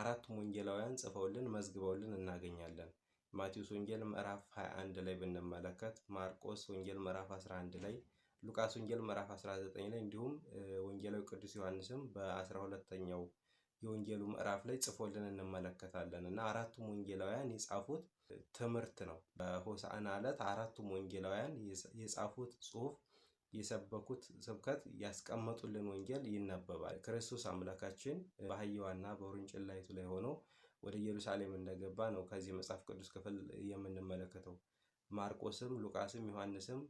አራቱም ወንጌላውያን ጽፈውልን መዝግበውልን እናገኛለን። ማቴዎስ ወንጌል ምዕራፍ 21 ላይ ብንመለከት፣ ማርቆስ ወንጌል ምዕራፍ 11 ላይ፣ ሉቃስ ወንጌል ምዕራፍ 19 ላይ እንዲሁም ወንጌላዊ ቅዱስ ዮሐንስም በ12ኛው የወንጌሉ ምዕራፍ ላይ ጽፎልን እንመለከታለን እና አራቱም ወንጌላውያን የጻፉት ትምህርት ነው። በሆሳዕና ዕለት አራቱም ወንጌላውያን የጻፉት ጽሑፍ የሰበኩት ስብከት ያስቀመጡልን ወንጌል ይነበባል። ክርስቶስ አምላካችን በአህያዋና በውርንጭላይቱ ላይ ሆኖ ወደ ኢየሩሳሌም እንደገባ ነው ከዚህ መጽሐፍ ቅዱስ ክፍል የምንመለከተው። ማርቆስም ሉቃስም ዮሐንስም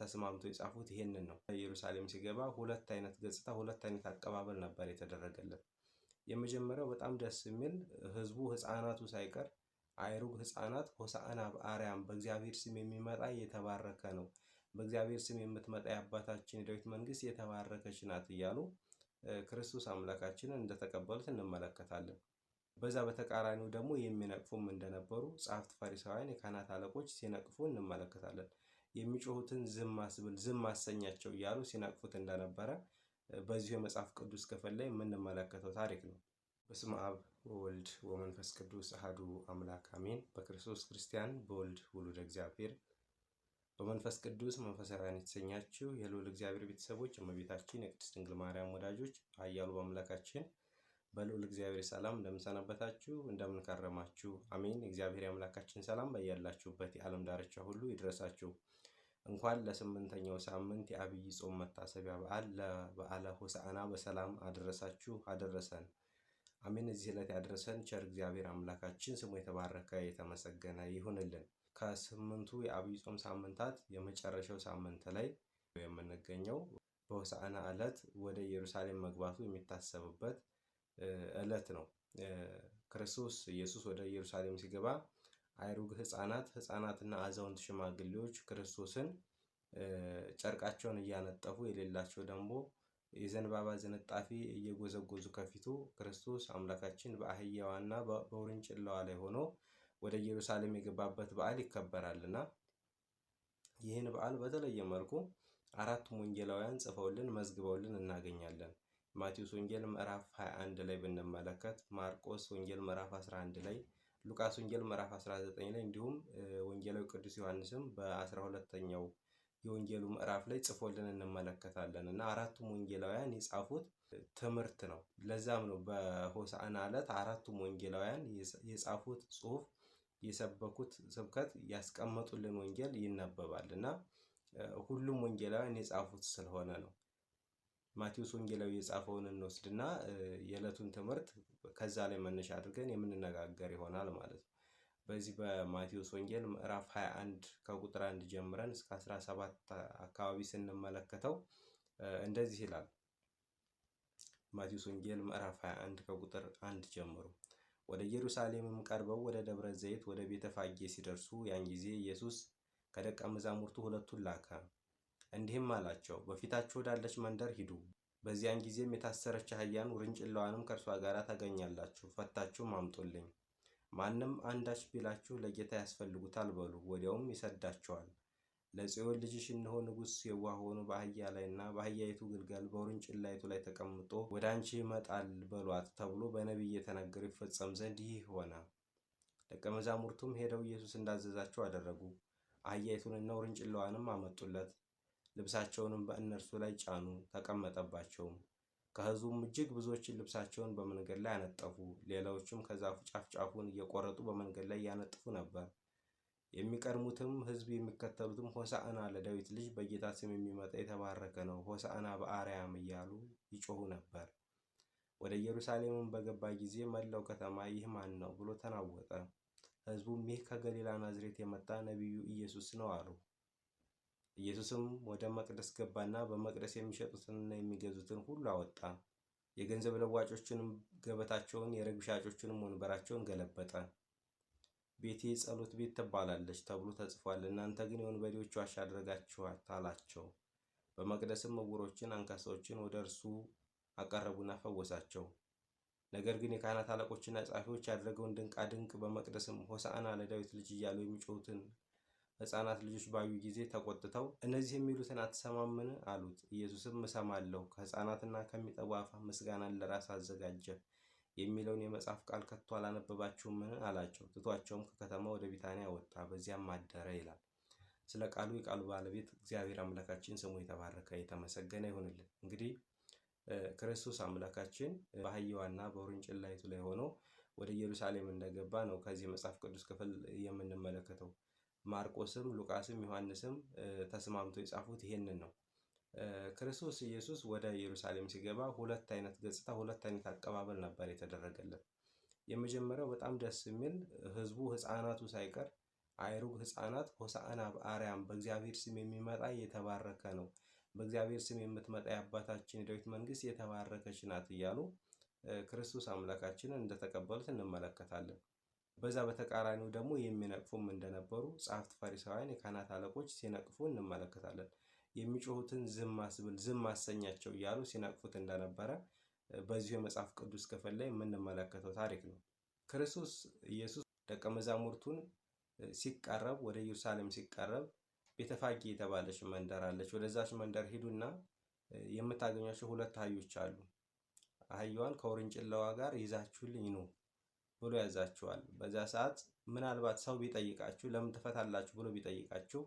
ተስማምቶ የጻፉት ይሄንን ነው። ኢየሩሳሌም ሲገባ ሁለት አይነት ገጽታ፣ ሁለት አይነት አቀባበል ነበር የተደረገለት። የመጀመሪያው በጣም ደስ የሚል ህዝቡ፣ ህፃናቱ ሳይቀር አይሩግ ህፃናት ሆሳዕና በአርያም በእግዚአብሔር ስም የሚመጣ የተባረከ ነው በእግዚአብሔር ስም የምትመጣ የአባታችን የዳዊት መንግስት የተባረከች ናት እያሉ ክርስቶስ አምላካችንን እንደተቀበሉት እንመለከታለን። በዛ በተቃራኒው ደግሞ የሚነቅፉም እንደነበሩ ጸሐፍት ፈሪሳውያን፣ የካህናት አለቆች ሲነቅፉ እንመለከታለን። የሚጮሁትን ዝም አስብል፣ ዝም አሰኛቸው እያሉ ሲነቅፉት እንደነበረ በዚሁ የመጽሐፍ ቅዱስ ክፍል ላይ የምንመለከተው ታሪክ ነው። በስመ አብ ወወልድ ወመንፈስ ቅዱስ አህዱ አምላክ አሜን። በክርስቶስ ክርስቲያን በወልድ ውሉደ እግዚአብሔር በመንፈስ ቅዱስ መንፈሳውያን የተሰኛችሁ የልዑል እግዚአብሔር ቤተሰቦች እመቤታችን የቅድስት ድንግል ማርያም ወዳጆች ኃያሉ በአምላካችን በልዑል እግዚአብሔር ሰላም እንደምንሰናበታችሁ እንደምንከረማችሁ አሜን። እግዚአብሔር የአምላካችን ሰላም በያላችሁበት የዓለም ዳርቻ ሁሉ ይድረሳችሁ። እንኳን ለስምንተኛው ሳምንት የአብይ ጾም መታሰቢያ በዓል ለበዓለ ሆሳዕና በሰላም አደረሳችሁ አደረሰን። አሜን። እዚህ ዕለት ያደረሰን ቸር እግዚአብሔር አምላካችን ስሙ የተባረከ የተመሰገነ ይሁንልን። ከስምንቱ የአብይ ጾም ሳምንታት የመጨረሻው ሳምንት ላይ የምንገኘው በሆሳዕና ዕለት ወደ ኢየሩሳሌም መግባቱ የሚታሰብበት ዕለት ነው። ክርስቶስ ኢየሱስ ወደ ኢየሩሳሌም ሲገባ አይሩግ ህፃናት ህፃናትና አዛውንት ሽማግሌዎች ክርስቶስን ጨርቃቸውን እያነጠፉ የሌላቸው ደግሞ የዘንባባ ዝንጣፊ እየጎዘጎዙ ከፊቱ ክርስቶስ አምላካችን በአህያዋና በውርንጭላዋ ላይ ሆኖ ወደ ኢየሩሳሌም የገባበት በዓል ይከበራልና ይህን በዓል በተለየ መልኩ አራቱም ወንጌላውያን ጽፈውልን መዝግበውልን እናገኛለን። ማቴዎስ ወንጌል ምዕራፍ 21 ላይ ብንመለከት፣ ማርቆስ ወንጌል ምዕራፍ 11 ላይ፣ ሉቃስ ወንጌል ምዕራፍ 19 ላይ እንዲሁም ወንጌላዊ ቅዱስ ዮሐንስም በ12ኛው የወንጌሉ ምዕራፍ ላይ ጽፎልን እንመለከታለን እና አራቱም ወንጌላውያን የጻፉት ትምህርት ነው። ለዛም ነው በሆሳዕና ዕለት አራቱም ወንጌላውያን የጻፉት ጽሑፍ የሰበኩት ስብከት ያስቀመጡልን ወንጌል ይነበባል እና ሁሉም ወንጌላውያን የጻፉት ስለሆነ ነው። ማቴዎስ ወንጌላዊ የጻፈውን እንወስድና የዕለቱን ትምህርት ከዛ ላይ መነሻ አድርገን የምንነጋገር ይሆናል ማለት ነው። በዚህ በማቴዎስ ወንጌል ምዕራፍ 21 ከቁጥር 1 ጀምረን እስከ 17 አካባቢ ስንመለከተው እንደዚህ ይላል። ማቴዎስ ወንጌል ምዕራፍ 21 ከቁጥር 1 ጀምሮ ወደ ኢየሩሳሌምም ቀርበው ወደ ደብረ ዘይት ወደ ቤተ ፋጌ ሲደርሱ ያን ጊዜ ኢየሱስ ከደቀ መዛሙርቱ ሁለቱን ላከ፣ እንዲህም አላቸው፣ በፊታችሁ ወዳለች መንደር ሂዱ። በዚያን ጊዜም የታሰረች አህያን ውርንጭላዋንም ከእርሷ ጋር ታገኛላችሁ፣ ፈታችሁም አምጡልኝ። ማንም አንዳች ቢላችሁ ለጌታ ያስፈልጉታል በሉ፣ ወዲያውም ይሰዳቸዋል። ለጽዮን ልጅሽ እነሆ ንጉሥ የዋህ ሆኖ በአህያ ላይና በአህያይቱ ግልገል በውርንጭላይቱ ላይ ተቀምጦ ወደ አንቺ ይመጣል በሏት ተብሎ በነቢይ የተነገረው ይፈጸም ዘንድ ይህ ሆነ። ደቀ መዛሙርቱም ሄደው ኢየሱስ እንዳዘዛቸው አደረጉ። አህያይቱንና ውርንጭላዋንም አመጡለት። ልብሳቸውንም በእነርሱ ላይ ጫኑ፣ ተቀመጠባቸውም። ከሕዝቡም እጅግ ብዙዎችን ልብሳቸውን በመንገድ ላይ አነጠፉ። ሌላዎቹም ከዛፉ ጫፍ ጫፉን እየቆረጡ በመንገድ ላይ ያነጥፉ ነበር። የሚቀድሙትም ህዝብ የሚከተሉትም ሆሳዕና ለዳዊት ልጅ በጌታ ስም የሚመጣ የተባረከ ነው፣ ሆሳዕና በአርያም እያሉ ይጮሁ ነበር። ወደ ኢየሩሳሌምም በገባ ጊዜ መላው ከተማ ይህ ማን ነው ብሎ ተናወጠ። ህዝቡም ይህ ከገሊላ ናዝሬት የመጣ ነቢዩ ኢየሱስ ነው አሉ። ኢየሱስም ወደ መቅደስ ገባና በመቅደስ የሚሸጡትንና የሚገዙትን ሁሉ አወጣ። የገንዘብ ለዋጮችንም ገበታቸውን፣ የርግብ ሻጮችንም ወንበራቸውን ገለበጠ። ቤቴ የጸሎት ቤት ትባላለች ተብሎ ተጽፏል፣ እናንተ ግን የወንበዴዎች ዋሻ አደረጋችኋት አላቸው። በመቅደስም እውሮችን፣ አንካሳዎችን ወደ እርሱ አቀረቡና ፈወሳቸው። ነገር ግን የካህናት አለቆችና ጻፊዎች ያደረገውን ድንቃ ድንቅ በመቅደስም ሆሳዕና ለዳዊት ልጅ እያሉ የሚጮሁትን ሕፃናት ልጆች ባዩ ጊዜ ተቆጥተው እነዚህ የሚሉትን አትሰማምን አሉት። ኢየሱስም እሰማለሁ፣ ከሕፃናትና ከሚጠቡ አፋ ምስጋናን ለራስ አዘጋጀ የሚለውን የመጽሐፍ ቃል ከቶ አላነበባችሁምን? አላቸው። ትቷቸውም ከከተማ ወደ ቢታንያ ወጣ፣ በዚያም አደረ ይላል። ስለ ቃሉ የቃሉ ባለቤት እግዚአብሔር አምላካችን ስሙ የተባረከ የተመሰገነ ይሆንልን እንግዲህ ክርስቶስ አምላካችን በአህያዋና በውርንጭላይቱ ላይ ሆኖ ወደ ኢየሩሳሌም እንደገባ ነው ከዚህ መጽሐፍ ቅዱስ ክፍል የምንመለከተው። ማርቆስም ሉቃስም ዮሐንስም ተስማምቶ የጻፉት ይሄንን ነው። ክርስቶስ ኢየሱስ ወደ ኢየሩሳሌም ሲገባ ሁለት አይነት ገጽታ ሁለት አይነት አቀባበል ነበር የተደረገለት። የመጀመሪያው በጣም ደስ የሚል ህዝቡ ህፃናቱ ሳይቀር አይሩግ ህፃናት ሆሳዕና በአርያም በእግዚአብሔር ስም የሚመጣ የተባረከ ነው፣ በእግዚአብሔር ስም የምትመጣ የአባታችን የዳዊት መንግስት የተባረከች ናት እያሉ ክርስቶስ አምላካችንን እንደተቀበሉት እንመለከታለን። በዛ በተቃራኒው ደግሞ የሚነቅፉም እንደነበሩ ጸሐፍት፣ ፈሪሳውያን፣ የካህናት አለቆች ሲነቅፉ እንመለከታለን። የሚጮሁትን ዝም አስብል ዝም አሰኛቸው እያሉ ሲነቅፉት እንደነበረ በዚሁ የመጽሐፍ ቅዱስ ክፍል ላይ የምንመለከተው ታሪክ ነው። ክርስቶስ ኢየሱስ ደቀ መዛሙርቱን ሲቀረብ ወደ ኢየሩሳሌም ሲቀረብ ቤተፋጌ የተባለች መንደር አለች። ወደዛች መንደር ሂዱና የምታገኟቸው ሁለት አህዮች አሉ። አህያዋን ከውርንጭላዋ ጋር ይዛችሁልኝ ኑ ብሎ ያዛችኋል። በዛ ሰዓት ምናልባት ሰው ቢጠይቃችሁ ለምን ትፈታላችሁ ብሎ ቢጠይቃችሁ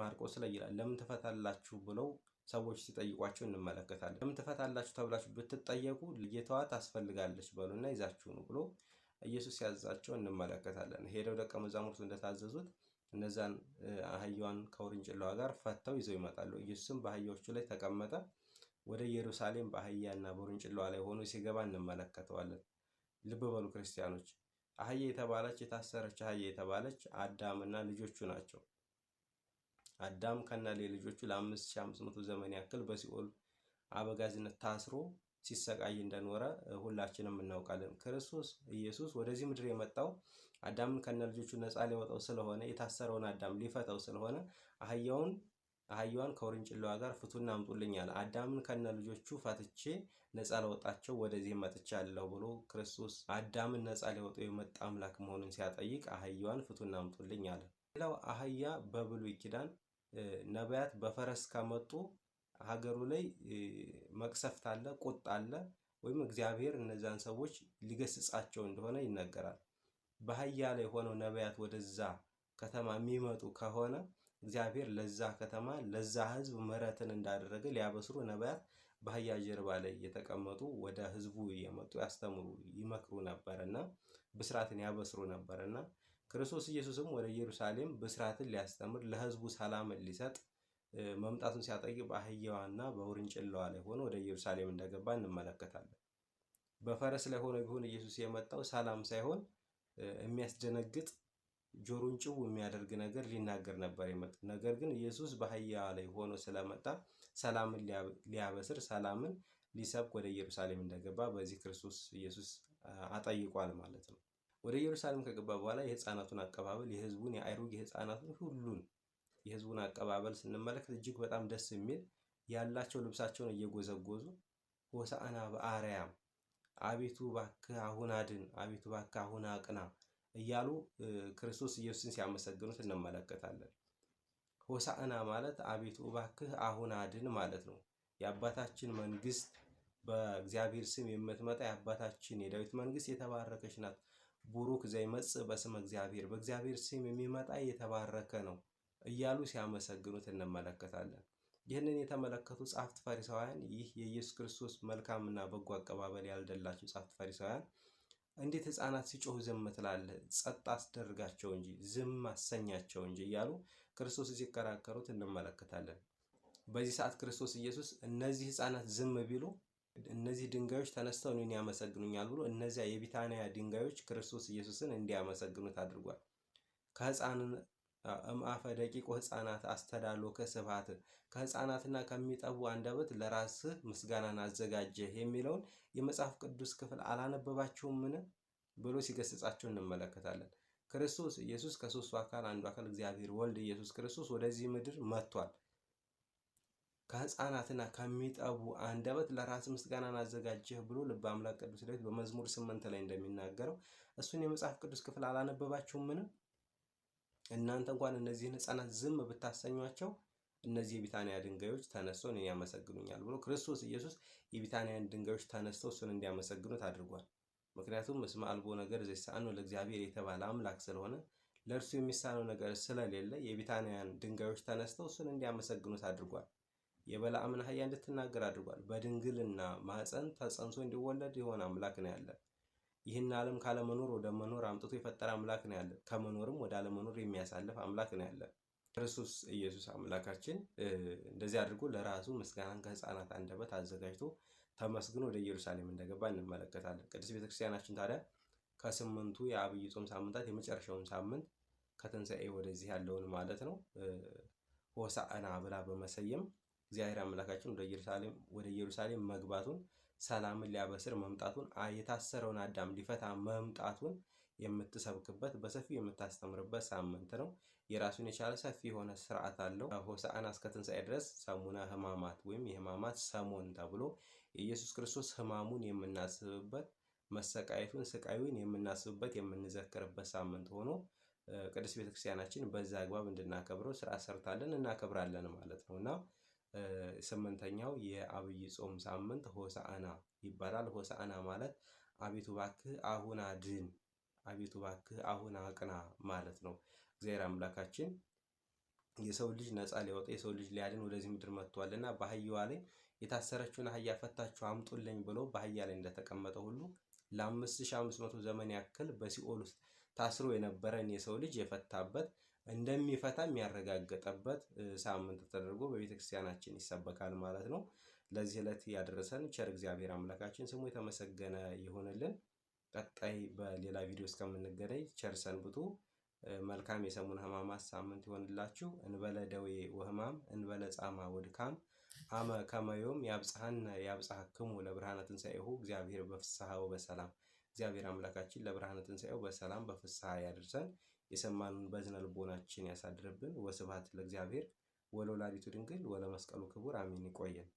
ማርቆስ ላይ ይላል ለምን ትፈታላችሁ ብለው ሰዎች ሲጠይቋቸው እንመለከታለን። ለምን ትፈታላችሁ ተብላችሁ ብትጠየቁ ጌታዋ ታስፈልጋለች በሉና ይዛችሁ ነው ብሎ ኢየሱስ ያዛቸው እንመለከታለን። ሄደው ደቀ መዛሙርቱ እንደታዘዙት እነዛን አህያዋን ከውርንጭላዋ ጋር ፈተው ይዘው ይመጣሉ። ኢየሱስም በአህያዎቹ ላይ ተቀመጠ። ወደ ኢየሩሳሌም በአህያና በውርንጭላዋ ላይ ሆኖ ሲገባ እንመለከተዋለን። ልብ በሉ ክርስቲያኖች፣ አህያ የተባለች የታሰረች አህያ የተባለች አዳምና ልጆቹ ናቸው። አዳም ከና ልጆቹ ለ5500 ዘመን ያክል በሲኦል አበጋዝነት ታስሮ ሲሰቃይ እንደኖረ ሁላችንም እናውቃለን። ክርስቶስ ኢየሱስ ወደዚህ ምድር የመጣው አዳምን ከነ ልጆቹ ነፃ ሊያወጣው ስለሆነ የታሰረውን አዳም ሊፈታው ስለሆነ አህያውን አህያዋን ከውርንጭላዋ ጋር ፍቱና አምጡልኝ አለ። አዳምን ከነ ልጆቹ ፈትቼ ነፃ ላወጣቸው ወደዚህ መጥቻለሁ ብሎ ክርስቶስ አዳምን ነፃ ሊያወጣው የመጣ አምላክ መሆኑን ሲያጠይቅ አህያዋን ፍቱና አምጡልኝ አለ። ሌላው አህያ በብሉይ ኪዳን ነቢያት በፈረስ ከመጡ ሀገሩ ላይ መቅሰፍት አለ፣ ቁጣ አለ፣ ወይም እግዚአብሔር እነዚያን ሰዎች ሊገስጻቸው እንደሆነ ይነገራል። በአህያ ላይ ሆነው ነቢያት ወደዛ ከተማ የሚመጡ ከሆነ እግዚአብሔር ለዛ ከተማ ለዛ ህዝብ ምሕረትን እንዳደረገ ሊያበስሩ ነቢያት በአህያ ጀርባ ላይ የተቀመጡ ወደ ህዝቡ እየመጡ ያስተምሩ ይመክሩ ነበርና ብስራትን ያበስሩ ነበርና ክርስቶስ ኢየሱስም ወደ ኢየሩሳሌም ብስራትን ሊያስተምር ለህዝቡ ሰላምን ሊሰጥ መምጣቱን ሲያጠይቅ በአህያዋና በውርንጭላዋ ላይ ሆኖ ወደ ኢየሩሳሌም እንደገባ እንመለከታለን። በፈረስ ላይ ሆኖ ቢሆን ኢየሱስ የመጣው ሰላም ሳይሆን የሚያስደነግጥ ጆሮን ጭው የሚያደርግ ነገር ሊናገር ነበር የመጣው። ነገር ግን ኢየሱስ በአህያዋ ላይ ሆኖ ስለመጣ ሰላምን ሊያበስር፣ ሰላምን ሊሰብክ ወደ ኢየሩሳሌም እንደገባ በዚህ ክርስቶስ ኢየሱስ አጠይቋል ማለት ነው። ወደ ኢየሩሳሌም ከገባ በኋላ የህፃናቱን አቀባበል፣ የህዝቡን፣ የአይሩግ የህፃናቱን ሁሉን የህዝቡን አቀባበል ስንመለከት እጅግ በጣም ደስ የሚል ያላቸው ልብሳቸውን እየጎዘጎዙ ሆሳዕና በአርያም አቤቱ እባክህ አሁን አድን፣ አቤቱ እባክህ አሁን አቅና እያሉ ክርስቶስ ኢየሱስን ሲያመሰግኑት እንመለከታለን። ሆሳዕና ማለት አቤቱ እባክህ አሁን አድን ማለት ነው። የአባታችን መንግስት በእግዚአብሔር ስም የምትመጣ የአባታችን የዳዊት መንግስት የተባረከች ናት ቡሩክ ዘይመጽእ በስመ እግዚአብሔር በእግዚአብሔር ስም የሚመጣ የተባረከ ነው እያሉ ሲያመሰግኑት እንመለከታለን። ይህንን የተመለከቱ ጻፍት ፈሪሳውያን ይህ የኢየሱስ ክርስቶስ መልካምና በጎ አቀባበል ያልደላቸው ጻፍት ፈሪሳውያን እንዴት ሕፃናት ሲጮሁ ዝም ትላለህ? ጸጥ አስደርጋቸው እንጂ ዝም አሰኛቸው እንጂ እያሉ ክርስቶስ ሲከራከሩት እንመለከታለን። በዚህ ሰዓት ክርስቶስ ኢየሱስ እነዚህ ሕፃናት ዝም ቢሉ እነዚህ ድንጋዮች ተነስተው እኔን ያመሰግኑኛል ብሎ እነዚያ የቢታንያ ድንጋዮች ክርስቶስ ኢየሱስን እንዲያመሰግኑት አድርጓል። ከህፃን እምአፈ ደቂቆ ህፃናት አስተዳሎ ስብሐት ከህፃናትና ከሚጠቡ አንደበት ለራስህ ምስጋናን አዘጋጀህ የሚለውን የመጽሐፍ ቅዱስ ክፍል ምን ብሎ ሲገስጻቸው እንመለከታለን። ክርስቶስ ኢየሱስ ከሶስቱ አካል አንዱ አካል እግዚአብሔር ወልድ ኢየሱስ ክርስቶስ ወደዚህ ምድር መጥቷል። ከህፃናትና ከሚጠቡ አንደበት ለራስ ምስጋናን አዘጋጀህ ብሎ ልበ አምላክ ቅዱስ ዳዊት በመዝሙር ስምንት ላይ እንደሚናገረው እሱን የመጽሐፍ ቅዱስ ክፍል አላነበባችሁም? ምን እናንተ እንኳን እነዚህን ህፃናት ዝም ብታሰኟቸው እነዚህ የቢታንያ ድንጋዮች ተነስተው እኔን ያመሰግኑኛል ብሎ ክርስቶስ ኢየሱስ የቢታንያን ድንጋዮች ተነስተው እሱን እንዲያመሰግኑት አድርጓል። ምክንያቱም እስመ አልቦ ነገር ዘይሳነው ለእግዚአብሔር የተባለ አምላክ ስለሆነ ለእርሱ የሚሳነው ነገር ስለሌለ የቢታንያን ድንጋዮች ተነስተው እሱን እንዲያመሰግኑት አድርጓል። የበላአምን አህያ እንድትናገር አድርጓል። በድንግልና ማፀን ተጸንሶ እንዲወለድ የሆነ አምላክ ነው ያለን። ይህን ዓለም ካለመኖር ወደ መኖር አምጥቶ የፈጠረ አምላክ ነው ያለን። ከመኖርም ወደ አለመኖር የሚያሳልፍ አምላክ ነው ያለን። ክርስቶስ ኢየሱስ አምላካችን እንደዚህ አድርጎ ለራሱ ምስጋናን ከህፃናት አንደበት አዘጋጅቶ ተመስግኖ ወደ ኢየሩሳሌም እንደገባ እንመለከታለን። ቅድስት ቤተክርስቲያናችን ታዲያ ከስምንቱ የአብይ ጾም ሳምንታት የመጨረሻውን ሳምንት ከትንሣኤ ወደዚህ ያለውን ማለት ነው ሆሳዕና ብላ በመሰየም እግዚአብሔር አምላካችን ወደ ኢየሩሳሌም ወደ ኢየሩሳሌም መግባቱን ሰላምን ሊያበስር መምጣቱን የታሰረውን አዳም ሊፈታ መምጣቱን የምትሰብክበት በሰፊው የምታስተምርበት ሳምንት ነው። የራሱን የቻለ ሰፊ የሆነ ስርዓት አለው። ሆሳዕና እስከ ትንሣኤ ድረስ ሰሙነ ሕማማት ወይም የሕማማት ሰሞን ተብሎ የኢየሱስ ክርስቶስ ሕማሙን የምናስብበት መሰቃየቱን፣ ስቃዩን የምናስብበት የምንዘክርበት ሳምንት ሆኖ ቅድስት ቤተክርስቲያናችን በዛ አግባብ እንድናከብረው ስርዓት ሰርታለን እናከብራለን ማለት ነው እና ስምንተኛው የአብይ ጾም ሳምንት ሆሳዕና ይባላል። ሆሳዕና ማለት አቤቱ ባክህ አሁን አድን፣ አቤቱ ባክህ አሁን አቅና ማለት ነው። እግዚአብሔር አምላካችን የሰው ልጅ ነፃ ሊያወጣ የሰው ልጅ ሊያድን ወደዚህ ምድር መጥቷልና በአህያዋ ላይ የታሰረችውን አህያ ፈታችሁ አምጡልኝ ብሎ በአህያ ላይ እንደተቀመጠ ሁሉ ለ 5500 ዘመን ያክል በሲኦል ውስጥ ታስሮ የነበረን የሰው ልጅ የፈታበት እንደሚፈታም ያረጋገጠበት ሳምንት ተደርጎ በቤተክርስቲያናችን ይሰበካል ማለት ነው። ለዚህ ዕለት ያደረሰን ቸር እግዚአብሔር አምላካችን ስሙ የተመሰገነ ይሁንልን። ቀጣይ በሌላ ቪዲዮ እስከምንገናኝ ቸር ሰንብቱ። መልካም የሰሙን ሕማማት ሳምንት ይሆንላችሁ። እንበለ ደዌ ወሕማም እንበለ ጻማ ወድካም አመ ከመዮም ያብጽሐነ ያብጽሐክሙ ለብርሃነ ትንሣኤሁ እግዚአብሔር በፍስሐ በሰላም እግዚአብሔር አምላካችን ለብርሃነ ትንሣኤው በሰላም በፍስሐ ያደርሰን። የሰማኑን በዝነ ልቦናችን ያሳድርብን። ወስብሐት ለእግዚአብሔር ወለወላዲቱ ድንግል ወለመስቀሉ ክቡር አሜን። ይቆየን።